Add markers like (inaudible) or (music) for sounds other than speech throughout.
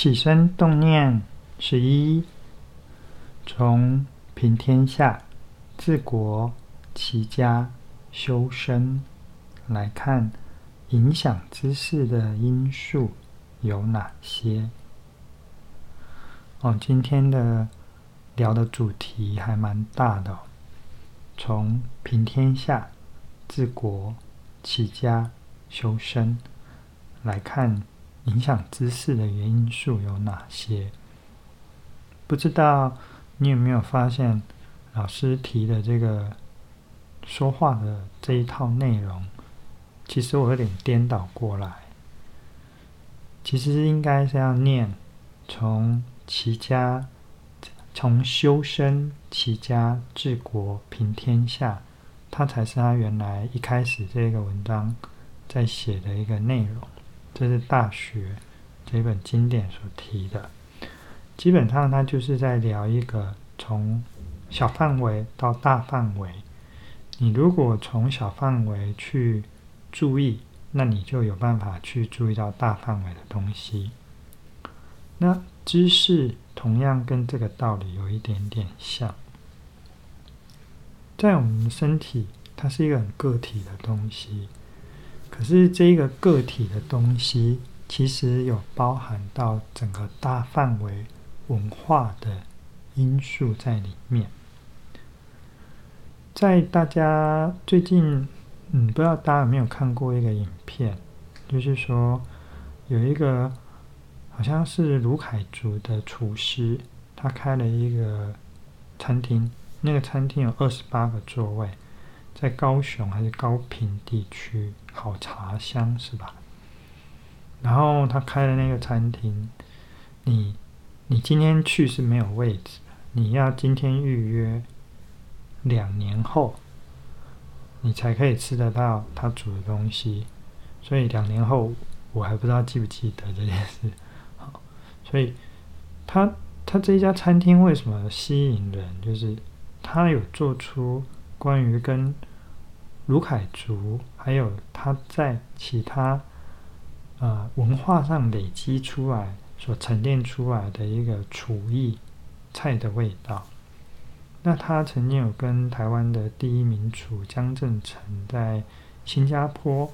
起身動唸，十一。從平天下、治國、齊家、修身來看，影響姿勢的因素有哪些？哦，今天的聊的主題還蠻大的哦，從平天下、治國、齊家、修身來看。影響姿勢的原因素有哪些？不知道你有沒有發現，老師提的這個說話的這一套內容，其實我有點顛倒過來。其實應該是要念“從齊家，從修身，齊家治國平天下”，他才是他原來一開始這個文章在寫的一個內容。這是《大學》這本經典所提的，基本上它就是在聊一個從小範圍到大範圍。你如果從小範圍去注意，那你就有辦法去注意到大範圍的東西。那姿勢同樣跟這個道理有一點點像，在我們身體，它是一個很個體的東西。可是這個個體的東西，其實有包含到整個大範圍文化的因素在裡面。在大家最近，嗯，不知道大家有沒有看過一個影片，就是說有一個好像是盧凱族的廚師，他開了一個餐廳，那個餐廳有二十八個座位。在高雄還是高屏地區，好茶香是吧？然後他開的那個餐廳，你你今天去是沒有位置，你要今天預約，兩年後，你才可以吃得到他煮的東西。所以兩年後，我還不知道記不記得這件事。所以他他這一家餐廳為什麼吸引人？就是他有做出關於跟盧凱族，還有他在其他呃文化上累積出來、所沉澱出來的一個廚藝菜的味道。那他曾經有跟台灣的第一名廚江正成，在新加坡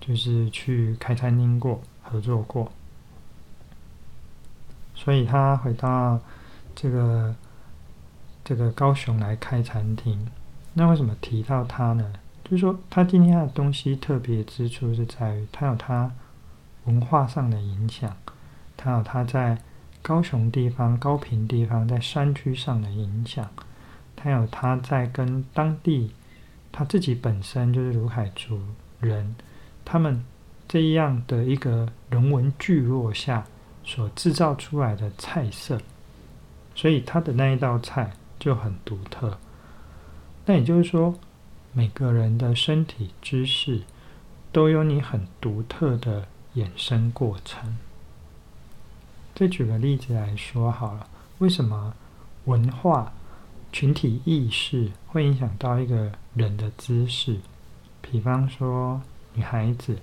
就是去開餐廳過，合作過，所以他回到這個這個高雄來開餐廳。那為什麼提到他呢？就是說，他今天他的東西特別之處是在於，他有他文化上的影響，他有他在高雄地方、高屏地方在山區上的影響，他有他在跟當地他自己本身就是魯凱族人，他們這樣的一個人文聚落下所制造出來的菜色，所以他的那一道菜就很獨特。那也就是說，每個人的身體姿勢都有你很獨特的衍生過程。再舉個例子來說好了，為什麼文化群體意識會影響到一個人的姿勢？比方說，女孩子，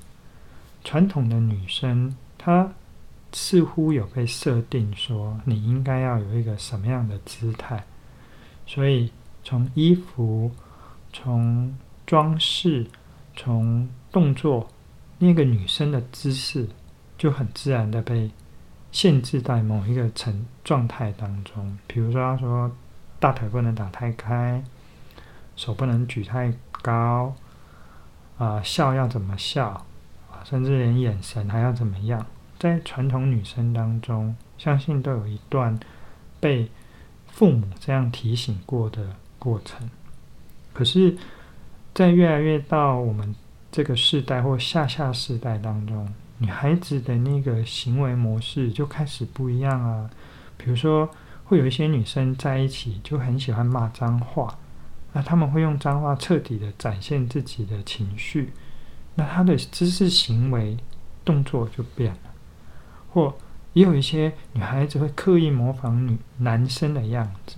傳統的女生，她似乎有被設定說，你應該要有一個什麼樣的姿態，所以從衣服。從裝飾，從動作，那個女生的姿勢就很自然的被限制在某一個成狀態當中。比如說，說，她說大腿不能打太開，手不能舉太高，啊、呃，笑要怎麼笑，甚至連眼神還要怎麼樣。在傳統女生當中，相信都有一段被父母這樣提醒過的過程。可是，在越來越到我們這個世代或下下世代當中，女孩子的那個行為模式就開始不一樣啊。比如說，會有一些女生在一起就很喜歡罵髒話，那他們會用髒話徹底的展現自己的情緒，那她的姿勢、行為、動作就變了。或也有一些女孩子會刻意模仿女男生的樣子。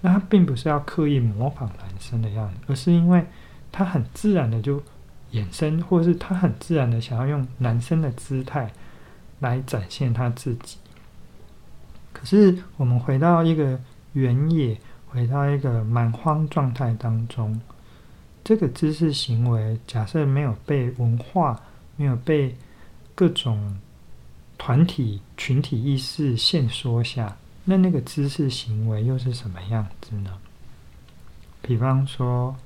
那他並不是要刻意模仿男生的樣子，而是因為他很自然的就衍生，或是他很自然的想要用男生的姿態來展現他自己。可是，我們回到一個原野，回到一個蠻荒狀態當中，這個姿勢行為，假設沒有被文化、沒有被各種團體、群體意識限縮下。那那個姿勢行為又是什麼樣子呢？比方說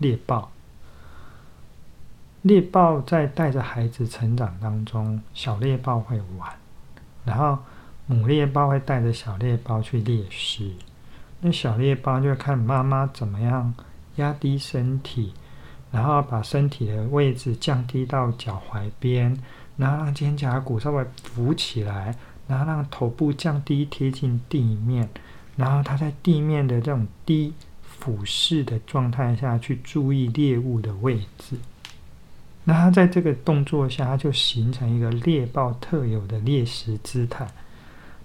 獵豹，獵豹在帶着孩子成長當中，小獵豹會玩，然後母獵豹會帶着小獵豹去獵食。那小獵豹就看媽媽怎麼樣壓低身體，然後把身體的位置降低到腳踝邊，然後讓肩胛骨稍微浮起來。然後讓頭部降低貼近地面，然後它在地面的這種低俯視的狀態下去注意獵物的位置。那它在這個動作下，它就形成一個獵豹特有的獵食姿態。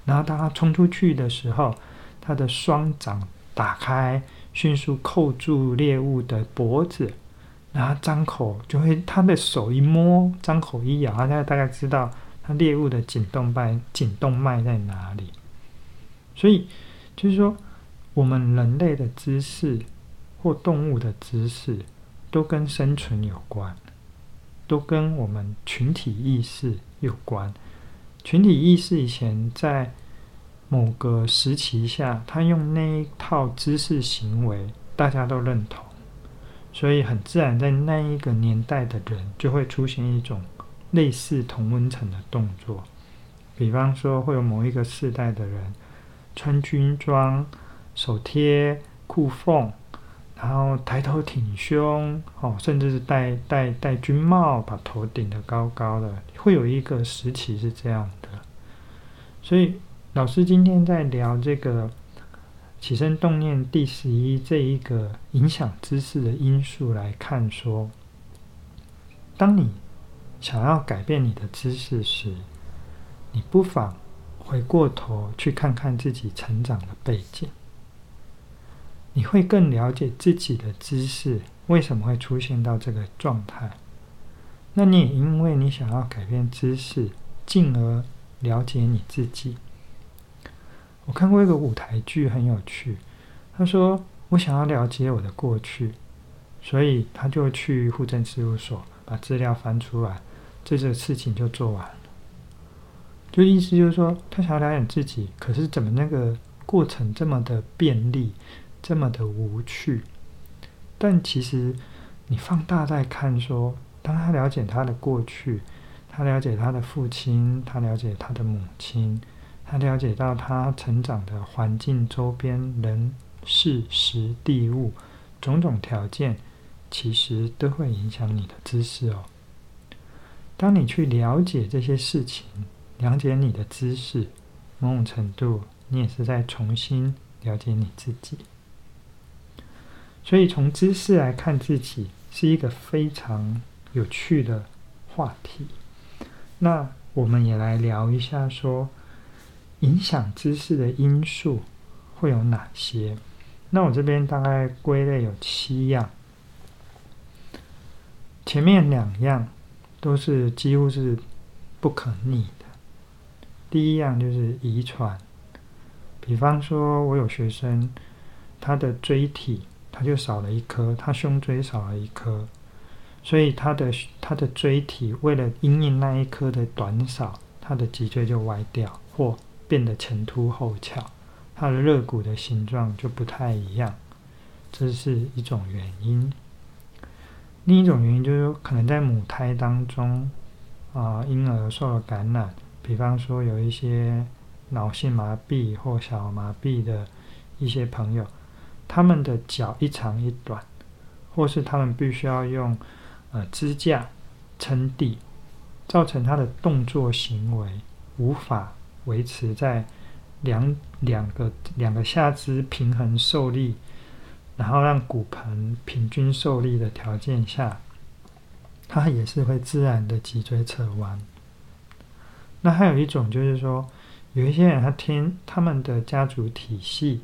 然後當它衝出去的時候，它的雙掌打開，迅速扣住獵物的脖子，然後張口就會，它的手一摸，張口一咬，大家大概知道。那獵物的頸動脈，頸動脈在哪裡？所以就是說，我們人類的姿勢或動物的姿勢都跟生存有關，都跟我們群體意識有關。群體意識以前在某個時期下，他用那一套姿勢行為，大家都認同，所以很自然，在那一個年代的人就會出現一種。類似同溫層的動作，比方說會有某一個世代的人穿軍裝，手貼褲縫，然後抬頭挺胸，哦，甚至是戴戴戴軍帽，把頭頂得高高的，會有一個時期是這樣的。所以老師今天在聊這個起身動念第十一這一個影響姿勢的因素來看說，說當你。想要改變你的姿勢時，你不妨回過頭去看看自己成長的背景，你會更了解自己的姿勢為什麼會出現到這個狀態。那你也因為你想要改變姿勢，進而了解你自己。我看過一個舞台劇，很有趣。他說：“我想要了解我的過去，所以他就去戶政事務所把資料翻出來。”這些事情就做完了，就意思就是說，他想要了解自己，可是怎麼那個過程這麼的便利，這麼的無趣？但其實你放大再看說，說當他了解他的過去，他了解他的父親，他了解他的母親，他了解到他成長的環境周邊人、事、時、地、物，種種條件，其實都會影響你的姿勢哦。當你去了解這些事情，了解你的姿勢，某種程度，你也是在重新了解你自己。所以，從姿勢來看自己，是一個非常有趣的話題。那我們也來聊一下說，說影響姿勢的因素會有哪些？那我這邊大概歸類有七樣，前面兩樣都是幾乎是不可逆的。第一樣就是遺傳，比方說我有學生，他的椎體他就少了一顆，他胸椎少了一顆，所以他的他的椎體為了因應那一顆的短少，他的脊椎就歪掉或變得前凸後翹，他的肋骨的形狀就不太一樣，這是一種原因。另一種原因就是，可能在母胎當中，啊、呃，嬰兒受了感染，比方說有一些腦性麻痹或小兒麻痺的一些朋友，他們的腳一長一短，或是他們必須要用呃支架撐地，造成他的動作行為無法維持在兩兩個兩個下肢平衡受力。然後讓骨盆平均受力的條件下，它也是會自然的脊椎側彎。那還有一種就是說，有一些人他天他們的家族體系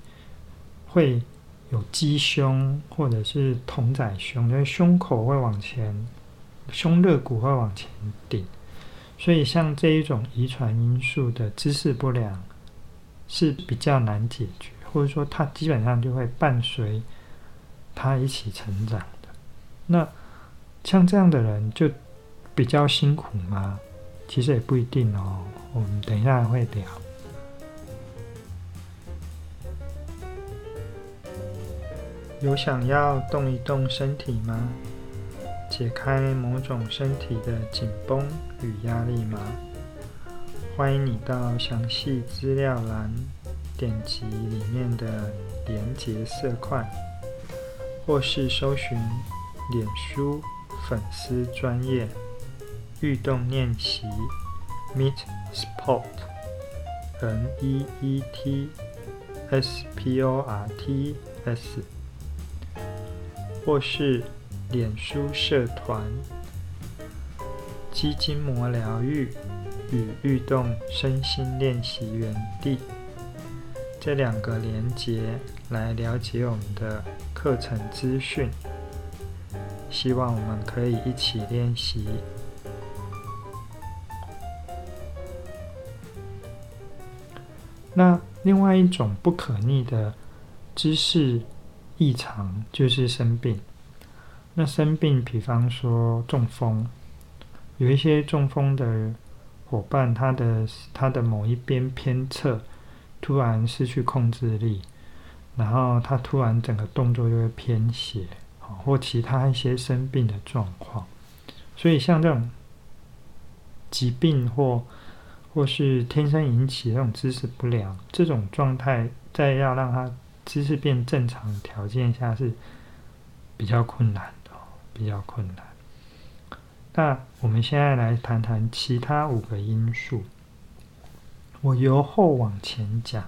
會有雞胸或者是桶仔胸，因為胸口會往前，胸肋骨會往前頂，所以像這一種遺傳因素的姿勢不良是比較難解決，或者說它基本上就會伴隨。他一起成長的，那像這樣的人就比較辛苦嗎？其實也不一定哦。我們等一下會聊。有想要動一動身體嗎？解開某種身體的緊繃與壓力嗎？歡迎你到詳細資料欄，點擊裡面的連接色塊。或是搜尋臉書粉絲專業運動練習 Meet Sport M E E T S P O R T S，或是臉書社團肌筋膜療癒與運動身心練習園地。這兩個連接來了解我們的課程資訊，希望我們可以一起練習。那另外一種不可逆的姿勢異常就是生病。那生病，比方說中風，有一些中風的夥伴，他的他的某一邊偏側。突然失去控制力，然後他突然整個動作就會偏斜，哦，或其他一些生病的狀況。所以像這種疾病或或是天生引起這種姿勢不良，這種狀態在要讓他姿勢變正常條件下是比較困難的，哦，比較困難。那我們現在來談談其他五個因素。我由後往前講，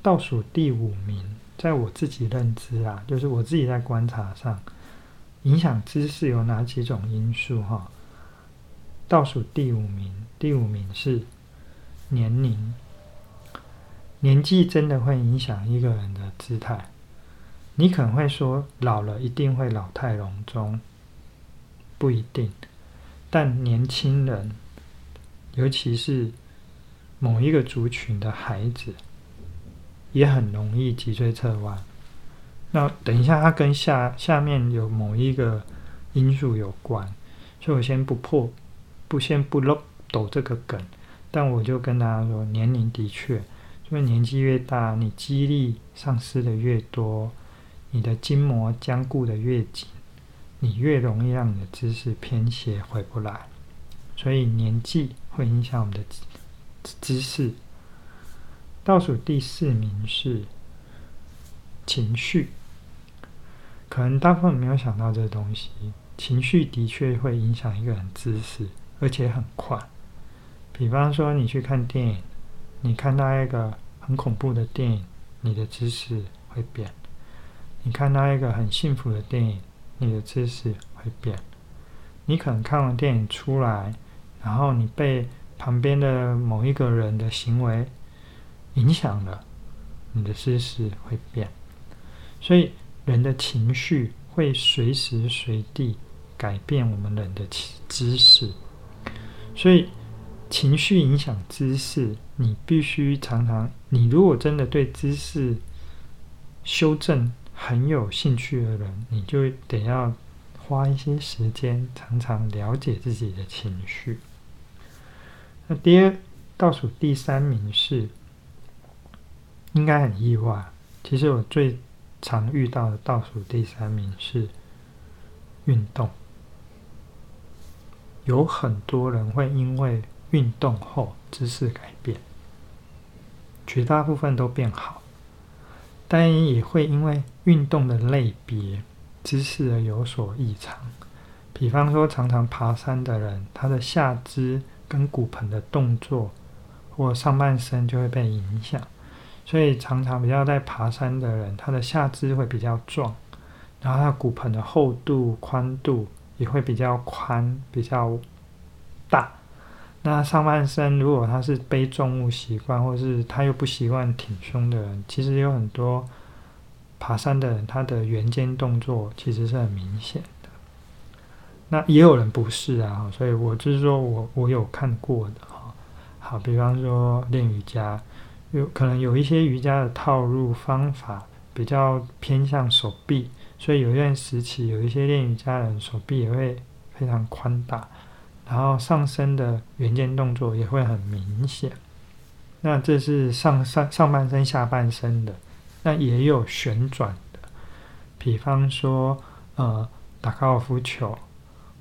倒數第五名，在我自己認知啊，就是我自己在觀察上，影響姿勢有哪幾種因素哈？倒數第五名，第五名是年齡。年紀真的會影響一個人的姿態。你可能會說，老了一定會老態龍鍾，不一定。但年輕人，尤其是。某一個族群的孩子也很容易脊椎側彎。那等一下，它跟下下面有某一個因素有關，所以我先不破，不先不漏抖這個梗。但我就跟大家說，年齡的確，因為年紀越大，你肌力喪失的越多，你的筋膜僵固的越緊，你越容易讓你的姿勢偏斜回不來。所以年紀會影響我們的。姿勢，倒數第四名是情緒。可能大部分沒有想到這個東西，情緒的確會影響一個人姿勢，而且很快。比方說，你去看電影，你看到一個很恐怖的電影，你的姿勢會變；你看到一個很幸福的電影，你的姿勢會變。你可能看完電影出來，然後你被。旁邊的某一個人的行為影響了你的姿勢，會變，所以人的情緒會隨時隨地改變我們人的姿勢，所以情緒影響姿勢，你必須常常，你如果真的對姿勢修正很有興趣的人，你就得要花一些時間，常常了解自己的情緒。那第二倒數第三名是，應該很意外。其實我最常遇到的倒數第三名是運動，有很多人會因為運動後姿勢改變，絕大部分都變好，但也會因為運動的類別姿勢而有所異常。比方說，常常爬山的人，他的下肢。跟骨盆的動作或上半身就會被影響，所以常常比較在爬山的人，他的下肢會比較壯，然後他骨盆的厚度、寬度也會比較寬、比較大。那上半身如果他是背重物習慣，或是他又不習慣挺胸的人，其實有很多爬山的人，他的圓肩動作其實是很明顯。那也有人不是啊，所以我就是說我我有看過的哈。好，比方說練瑜伽,有可能有一些瑜伽的套路方法比較偏向手臂，所以有一段時期，有一些練瑜伽的人手臂也會非常寬大，然後上身的圓肩動作也會很明顯。那這是上上上半身下半身的，那也有旋轉的，比方說呃打高爾夫球。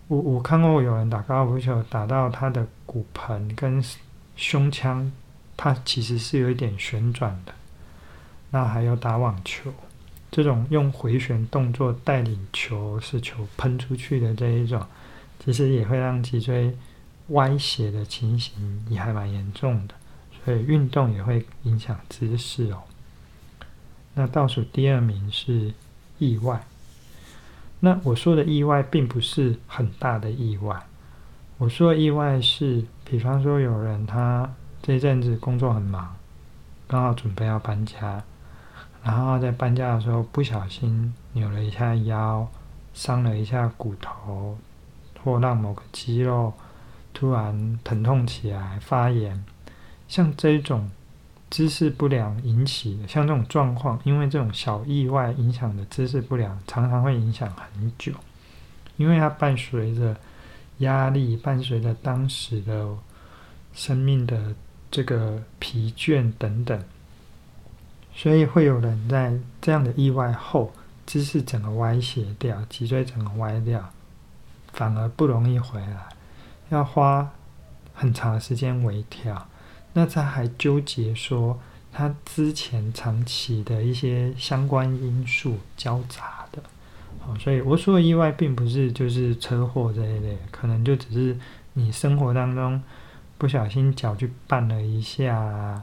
我我看過有人打高爾夫球，打到他的骨盆跟胸腔，它其實是有一點旋轉的。那還有打網球，這種用回旋動作帶領球，使球噴出去的這一種，其實也會讓脊椎歪斜的情形也還蠻嚴重的。所以運動也會影響姿勢哦。那倒數第二名是意外。那我說的意外，並不是很大的意外。我說的意外是，比方說有人他這一陣子工作很忙，剛好準備要搬家，然後在搬家的時候不小心扭了一下腰，傷了一下骨頭，或讓某個肌肉突然疼痛起來發炎，像這種。姿勢不良引起的。像這種狀況，因為這種小意外影響的姿勢不良，常常會影響很久，因為它伴隨着壓力，伴隨着當時的生命的這個疲倦等等，所以會有人在這樣的意外後，姿勢整個歪斜掉，脊椎整個歪掉，反而不容易回來，要花很長的時間微調。那他還糾結說，他之前長期的一些相關因素交雜的，好，所以我說的意外並不是就是車禍這一類，可能就只是你生活當中不小心腳去絆了一下，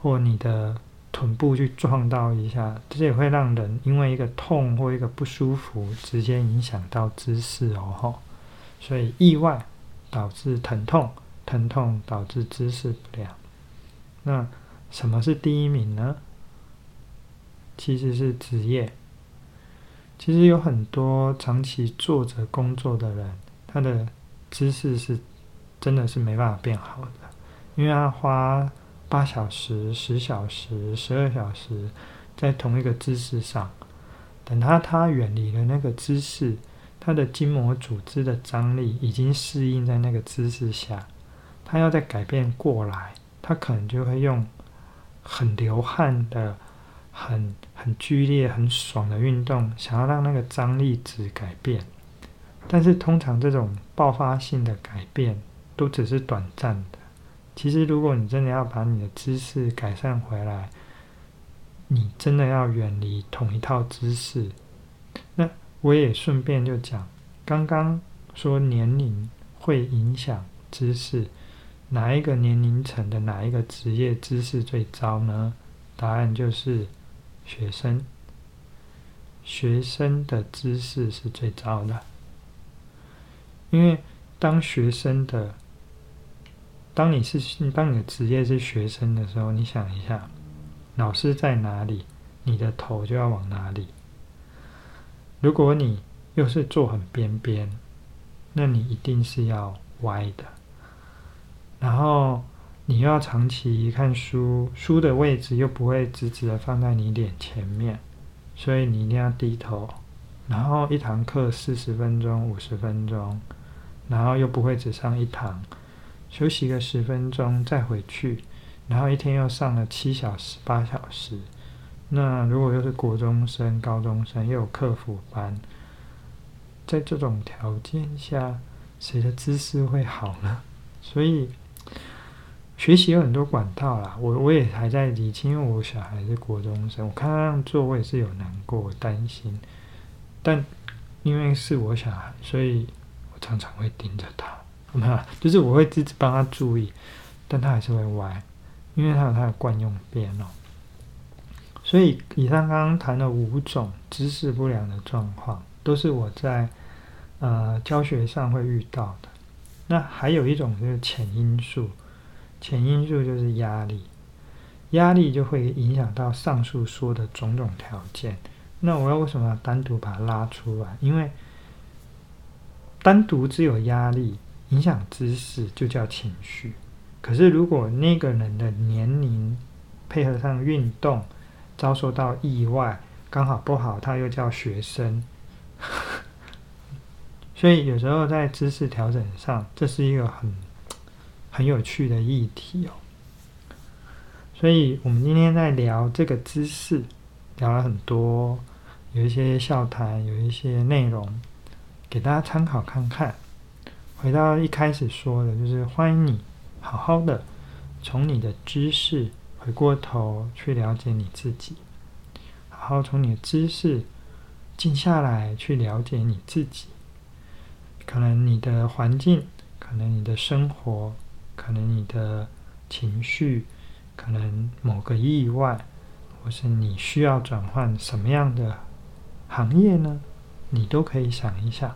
或你的臀部去撞到一下，這也會讓人因為一個痛或一個不舒服，直接影響到姿勢哦吼，所以意外導致疼痛，疼痛導致姿勢不良，那什麼是第一名呢？其實是職業。其實有很多長期坐着工作的人，他的姿勢是真的是沒辦法變好的，因為他花八小時、十小時、十二小時在同一個姿勢上。等他他遠離了那個姿勢，他的筋膜組織的張力已經適應在那個姿勢下。他要再改變過來，他可能就會用很流汗的、很很劇烈、很爽的運動，想要讓那個張力值改變。但是通常這種爆發性的改變都只是短暫的。其實如果你真的要把你的姿勢改善回來，你真的要遠離同一套姿勢。那我也順便就講，剛剛說年齡會影響姿勢。哪一個年齡層的哪一個職業姿勢最糟呢？答案就是學生。學生的姿勢是最糟的，因為當學生的，當你是，當你的職業是學生的時候，你想一下，老師在哪裡，你的頭就要往哪裡。如果你又是坐很邊邊，那你一定是要歪的。然後你又要長期看書，書的位置又不會直直的放在你臉前面，所以你一定要低頭。然後一堂課四十分鐘、五十分鐘，然後又不會只上一堂，休息個十分鐘再回去，然後一天又上了七小時、八小時。那如果又是國中生、高中生又有課輔班，在這種條件下，誰的姿勢會好呢？所以。學習有很多管道啦，我我也還在理清，因為我小孩是國中生，我看他那樣做，我也是有難過，我擔心，但因為是我小孩，所以我常常會盯着他，好好就是我會自己幫他注意，但他還是會歪，因為他有他的慣用邊哦。所以以上剛剛談的五種姿勢不良的狀況，都是我在呃教學上會遇到的。那還有一種就是潛因素。前因素就是壓力，壓力就會影響到上述說的種種條件。那我要為什麼要單獨把它拉出來？因為單獨只有壓力影響姿勢，就叫情緒。可是如果那個人的年齡配合上運動，遭受到意外，剛好不好，他又叫學生， (laughs) 所以有時候在姿勢調整上，這是一個很。很有趣的議題哦，所以我們今天在聊這個姿勢。聊了很多，有一些笑談，有一些內容，給大家參考看看。回到一開始說的，就是歡迎你，好好的從你的姿勢回過頭去了解你自己，好好從你的姿勢靜下來去了解你自己。可能你的環境，可能你的生活。可能你的情緒，可能某個意外，或是你需要轉換什麼樣的行業呢？你都可以想一想。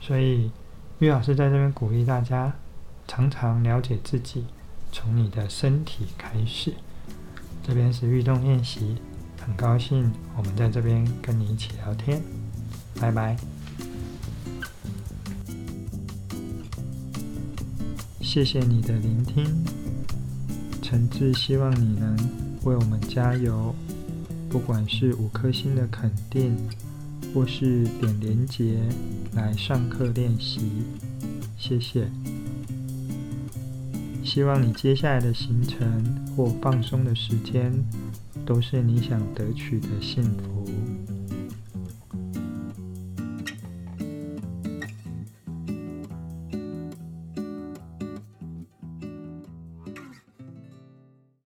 所以，岳老師在這邊鼓勵大家，常常了解自己，從你的身體開始。這邊是運動練習，很高興我們在這邊跟你一起聊天，拜拜。謝謝你的聆聽，誠摯希望你能為我們加油，不管是五顆星的肯定，或是點連結來上課練習，謝謝。希望你接下來的行程或放鬆的時間，都是你想得取的幸福。